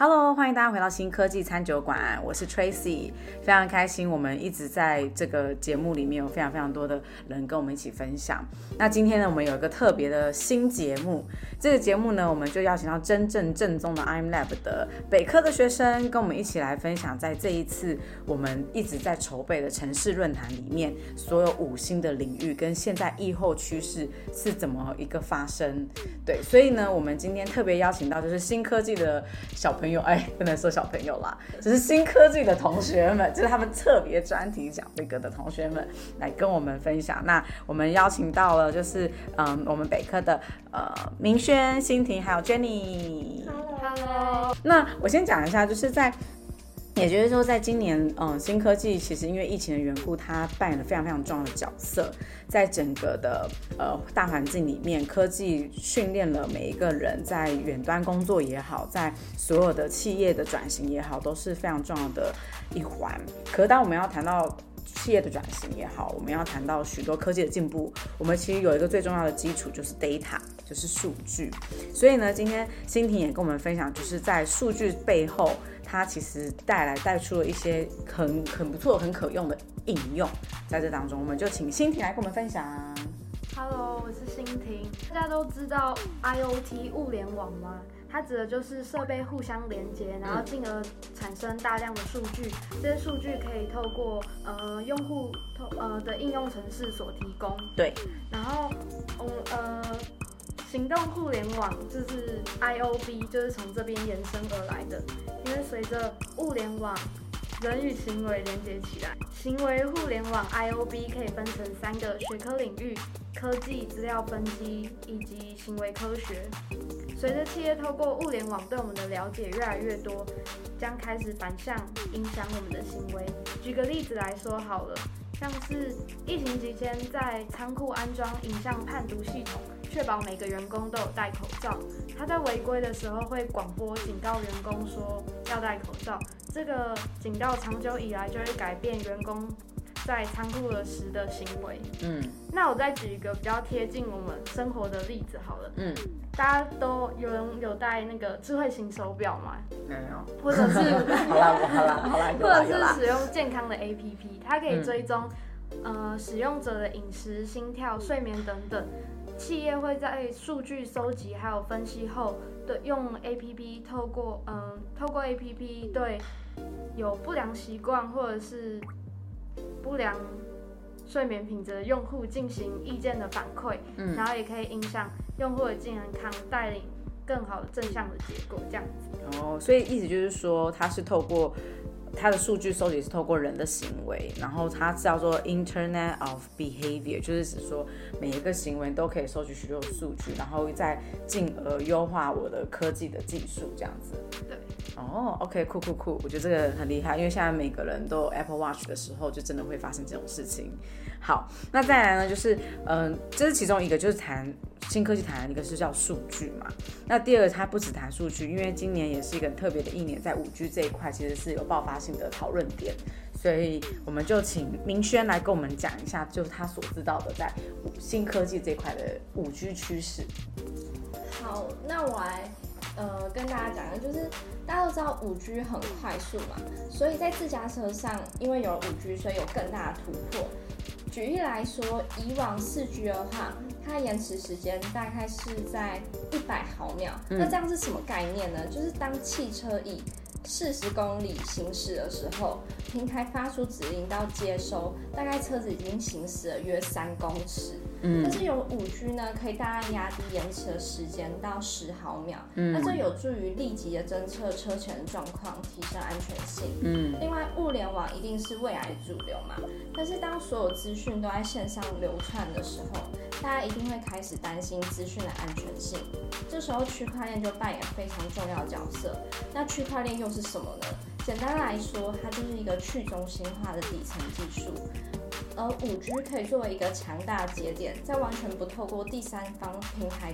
Hello，歡迎大家回到新科技餐酒館，我是 Tracy，非常開心，我們一直在這個節目裡面有非常非常多的人跟我們一起分享。那今天呢，我們有一個特別的新節目，這個節目呢，我們就邀請到真正正宗的 IM Lab 的北科的學生跟我們一起來分享，在這一次我們一直在籌備的城市論壇裡面，所有五新的領域跟現在疫後趨勢是怎麼一個發生？對，所以呢，我們今天特別邀請到就是新科技的小朋友。哎，不能說小朋友啦，只、就是新科技的同學們，就是他們特別專題講這個的同學們來跟我們分享。那我們邀請到了，就是嗯，我們北科的呃、嗯、明軒、欣婷還有 Jenny。Hello, hello，那我先講一下，就是在。也就是說，在今年，嗯，新科技其實因為疫情的緣故，它扮演了非常非常重要的角色，在整個的呃大環境裡面，科技訓練了每一個人，在遠端工作也好，在所有的企業的轉型也好，都是非常重要的一環。可是，當我們要談到企業的轉型也好，我們要談到許多科技的進步，我們其實有一個最重要的基礎，就是 data。就是數據，所以呢，今天欣婷也跟我們分享，就是在數據背後，它其實帶來帶出了一些很很不錯、很可用的應用。在這當中，我們就請欣婷來跟我們分享。Hello，我是欣婷。大家都知道 IoT 物聯網嗎？它指的就是設備互相連接，然後進而產生大量的數據，嗯。這些數據可以透過呃用戶呃的應用程式所提供。對。然後，嗯呃。行動互聯網就是 IOB，就是從這邊延伸而來的。因為隨着物聯網，人與行為連接起來，行為互聯網 IOB 可以分成三個學科領域：科技、資料分析以及行為科學。隨着企業透過物聯網對我們的了解越來越多，將開始反向影響我們的行為。舉個例子來說好了，像是疫情期間在倉庫安裝影像判讀系統。確保每個員工都有戴口罩。他在違規的時候會廣播警告員工說要戴口罩。這個警告長久以來就會改變員工在倉庫的時的行為。嗯，那我再舉一個比較貼近我們生活的例子好了。嗯，大家都有人有戴那個智慧型手錶嗎？沒有。或者是 好。好啦，好啦，好啦，啦，有啦。或者是使用健康的 APP，它可以追蹤，嗯呃，使用者的飲食、心跳、睡眠等等。企業會在數據收集還有分析後對用 APP 透過嗯、呃，透過 APP 對有不良習慣或者是不良睡眠品質的用戶進行意見的反饋，嗯、然後也可以影響用戶的健康，帶領更好的正向的結果，這樣子。哦，所以意思就是說，它是透過。它的數據收集是透過人的行為，然後它叫做 Internet of Behavior，就是指說每一個行為都可以收集許多數據，然後再進而優化我的科技的技術這樣子。對，哦、oh，OK，酷酷酷，我覺得這個很厲害，因為現在每個人都 Apple Watch 的時候，就真的會發生這種事情。好，那再來呢，就是，嗯，這是其中一個，就是談新科技談的一個是叫數據嘛。那第二它不只談數據，因為今年也是一個特別的一年，在五 G 這一塊其實是有爆發性的討論點，所以我們就請明軒來跟我們講一下，就是他所知道的在五，新科技這塊的五 G 趨勢。好，那我來，呃，跟大家講一下，就是大家都知道五 G 很快速嘛，所以在自家車上，因為有了五 G，所以有更大的突破。舉例來說，以往四 G 的話，它延遲時間大概是在一百毫秒。嗯。那這樣是什麼概念呢？就是當汽車以四十公里行駛的時候，平台發出指令到接收，大概車子已經行駛了約三公尺。但是有五 G 呢，可以大量壓低延遲的時間到十毫秒，嗯，那這有助於立即的偵測車前狀況，提升安全性。嗯，另外物聯網一定是未來主流嘛，但是當所有資訊都在線上流竄的時候，大家一定會開始擔心資訊的安全性，這時候區塊鏈就扮演非常重要角色。那區塊鏈又是什麼呢？簡單來說，它就是一個去中心化的底層技術。而五 G 可以作為一個強大節點，在完全不透過第三方平台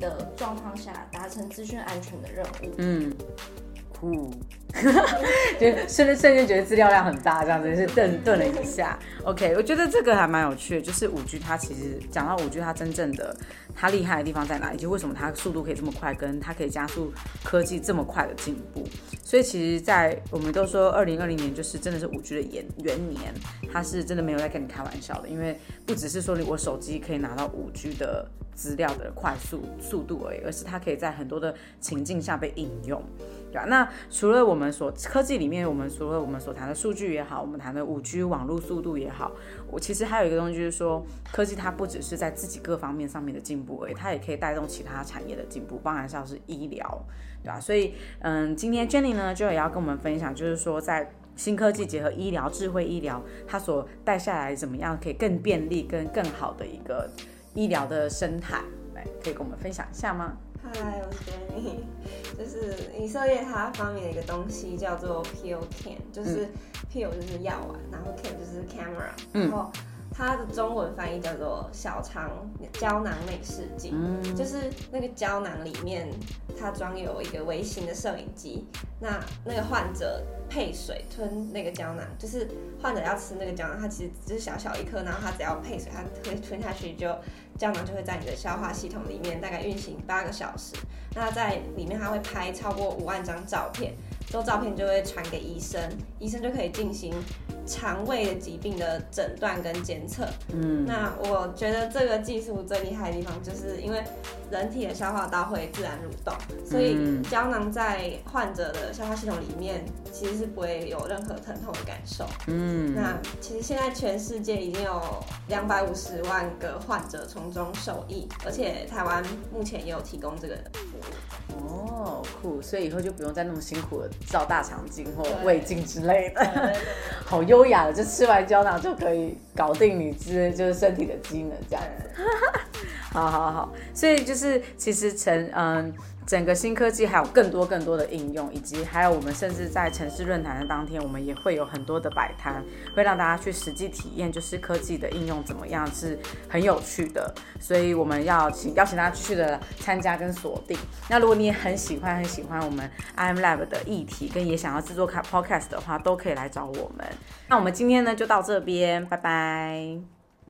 的狀況下，達成資訊安全的任務。嗯。嗚，就瞬瞬間覺得資料量很大，這樣子，就是頓頓了一下。OK，我覺得這個還蠻有趣的，就是五 G 它其實講到五 G 它真正的它厲害的地方在哪裡，以及為什麼它速度可以這麼快，跟它可以加速科技這麼快的進步。所以其實，在我們都說二零二零年就是真的是五 G 的元元年，它是真的沒有在跟你開玩笑的，因為不只是說你我手機可以拿到五 G 的資料的快速速度而已，而是它可以在很多的情境下被應用。對啊，那除了我們所科技裡面，我們除了我們所談的數據也好，我們談的 5G 網絡速度也好，我其實還有一個東西就是說，科技它不只是在自己各方面上面的進步，而已，它也可以帶動其他產業的進步，包含像是醫療，對吧，啊？所以，嗯，今天 Jenny 呢，就也要跟我們分享，就是說在新科技結合醫療、智慧醫療，它所帶下來怎麼樣，可以更便利跟更、更好的一個醫療的生態，來，可以跟我們分享一下嗎？嗨，我是 Jenny。 就是以色列他發明的一個東西叫做 Pill Cam、嗯、就是 Pill 就是藥丸，然後 Cam 就是 camera，、嗯、然後它的中文翻譯叫做小腸膠囊內視鏡，就是那個膠囊裡面它裝有一個微型的攝影機。那那個患者配水吞那個膠囊，就是患者要吃那個膠囊，它其實只是小小一顆，然後它只要配水，它可以吞下去就。膠囊就會在你的消化系統裡面大概運行八個小時，那在裡面它會拍超過五萬張照片，之後照片就會傳給醫生，醫生就可以進行腸胃的疾病的診斷跟檢測。嗯，那我覺得這個技術最厲害的地方就是因為。人體的消化道會自然蠕動，所以膠囊在患者的消化系統裡面其實是不會有任何疼痛的感受。嗯，那其實現在全世界已經有兩百五十萬個患者從中受益，而且台灣目前也有提供這個服務。哦，酷！所以以後就不用再那麼辛苦了，照大腸鏡或胃鏡之類的， 好優雅的，就吃完膠囊就可以搞定你之就是身體的機能這樣子。 好好好，所以就是其實城嗯，整個新科技還有更多更多的應用，以及還有我們甚至在城市論壇的當天，我們也會有很多的擺攤，會讓大家去實際體驗，就是科技的應用怎麼樣是很有趣的，所以我們要請邀請大家去的參加跟鎖定。那如果你也很喜歡很喜歡我們 IM Lab 的議題，跟也想要製作卡 Podcast 的話，都可以來找我們。那我們今天呢就到這邊，拜拜。